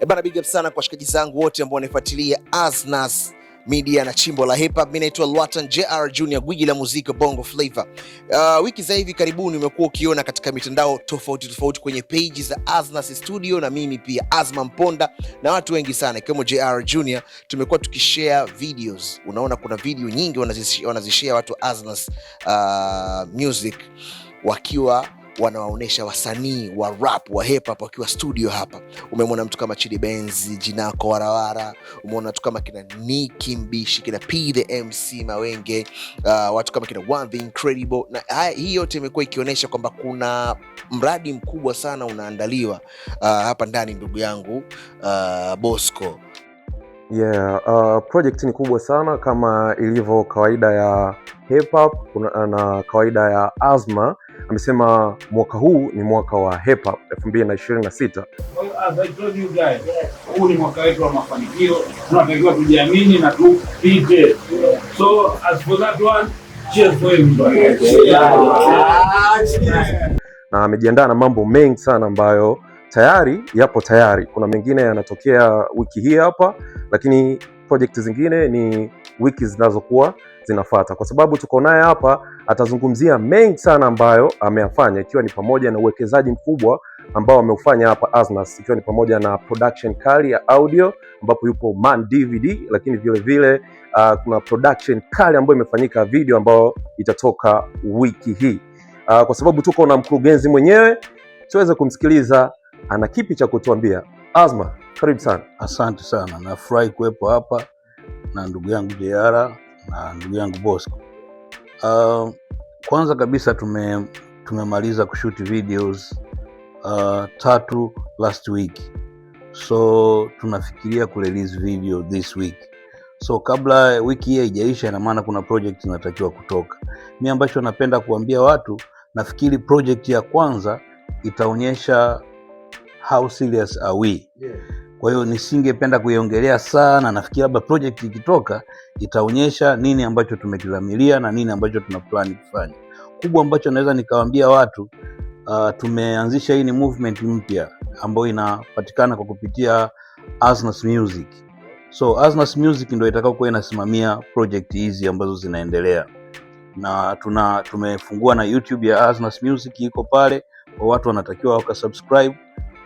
E bana, big up sana kwa shikaji zangu wote ambao wanaifuatilia Asnas Media na chimbo la hip hop. Mimi naitwa Lwatan JR Junior, gwiji la muziki Bongo Flava. Uh, wiki za hivi karibuni umekuwa ukiona katika mitandao tofauti tofauti kwenye page za Asnas Studio na mimi pia Azma Mponda na watu wengi sana ikiwemo JR Junior, tumekuwa tukishare videos. Unaona kuna video nyingi wanazishare watu Aznas uh, music wakiwa wanawaonyesha wasanii wa rap wa hip hop wakiwa studio hapa. Umemwona mtu kama Chidi Benz, Jinako Warawara, umeona watu kama kina Nicki Mbishi, kina P the MC Mawenge, uh, watu kama kina One the Incredible, na haya, hii yote imekuwa ikionyesha kwamba kuna mradi mkubwa sana unaandaliwa uh, hapa ndani, ndugu yangu uh, Bosco. Yeah, uh, project ni kubwa sana kama ilivyo kawaida ya hip hop na kawaida ya Azma amesema mwaka huu ni mwaka wa HEPA 2026. Huu ni mwaka wetu wa mafanikio, tunatakiwa tujiamini na tupige. So as for that one, cheers for Na amejiandaa na mambo mengi sana ambayo tayari yapo tayari. Kuna mengine yanatokea wiki hii hapa, lakini projekti zingine ni wiki zinazokuwa zinafuata, kwa sababu tuko naye hapa atazungumzia mengi sana ambayo ameyafanya ikiwa ni pamoja na uwekezaji mkubwa ambao ameufanya hapa Asnas, ikiwa ni pamoja na production kali ya audio ambapo yupo Man DVD, lakini vile vile uh, kuna production kali ambayo imefanyika video ambayo itatoka wiki hii. Uh, kwa sababu tuko na mkurugenzi mwenyewe, tuweze kumsikiliza ana kipi cha kutuambia. Azma, karibu sana. Asante sana, nafurahi kuwepo hapa na ndugu yangu Jara na ndugu yangu Bosco. Uh, kwanza kabisa tume tumemaliza kushuti videos uh, tatu last week, so tunafikiria kurelease video this week. So kabla wiki hii haijaisha, ina maana kuna project inatakiwa kutoka. Mi ambacho napenda kuambia watu, nafikiri project ya kwanza itaonyesha how serious are we yeah. Kwa hiyo nisingependa kuiongelea sana. Nafikiri labda project ikitoka itaonyesha nini ambacho tumekidhamiria na nini ambacho tuna plani kufanya. Kubwa ambacho naweza nikawaambia watu uh, tumeanzisha hii ni movement mpya ambayo inapatikana kwa kupitia Asnas Music. So Asnas Music ndio itakayokuwa inasimamia project hizi ambazo zinaendelea na tuna tumefungua na YouTube ya Asnas Music iko pale, kwa watu wanatakiwa waka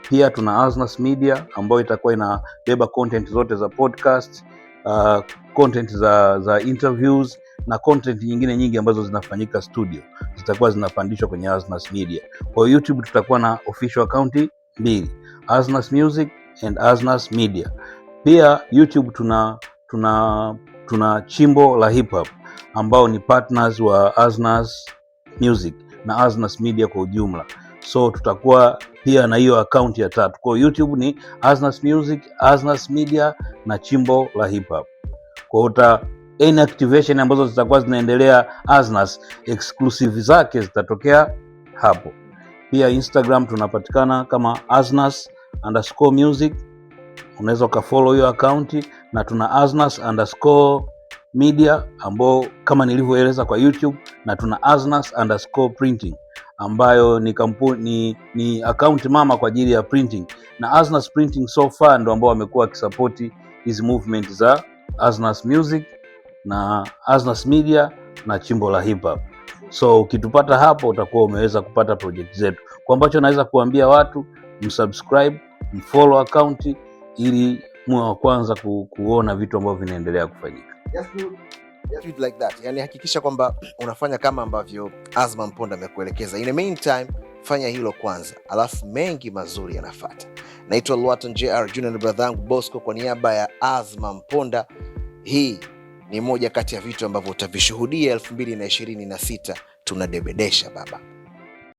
pia tuna Asnas Media ambayo itakuwa inabeba content zote za podcast, uh, content za, za interviews na content nyingine nyingi ambazo zinafanyika studio zitakuwa zinapandishwa kwenye Asnas Media. Kwa YouTube tutakuwa na official account mbili, Asnas Music and Asnas Media. Pia YouTube tuna tuna tuna chimbo la hip hop ambao ni partners wa Asnas Music na Asnas Media kwa ujumla so tutakuwa pia na hiyo akaunti ya tatu. kwao YouTube ni Asnas Music, Asnas Media na chimbo la hip hop. Kwa uta any activation ambazo zitakuwa zinaendelea Asnas, exclusive zake zitatokea hapo. Pia Instagram tunapatikana kama Asnas underscore music, unaweza ukafollow hiyo akaunti na tuna Asnas underscore media ambao kama nilivyoeleza kwa YouTube na tuna Asnas underscore printing ambayo ni kampuni ni, account mama kwa ajili ya printing na Asnas printing so far ndo ambao wamekuwa wakisapoti hizi movement za Asnas music na Asnas media na chimbo la hip hop. So ukitupata hapo utakuwa umeweza kupata project zetu. Kwa ambacho naweza kuambia watu msubscribe, mfollow account ili muwe wa kwanza ku, kuona vitu ambavyo vinaendelea kufanyika. Just like that. Yani hakikisha kwamba unafanya kama ambavyo Azma Mponda amekuelekeza. In the meantime, fanya hilo kwanza, alafu mengi mazuri yanafata Naitwa Lwaton JR Junior na brother yangu Bosco, kwa niaba ya Azma Mponda, hii ni moja kati ya vitu ambavyo utavishuhudia 226 tunadebedesha baba.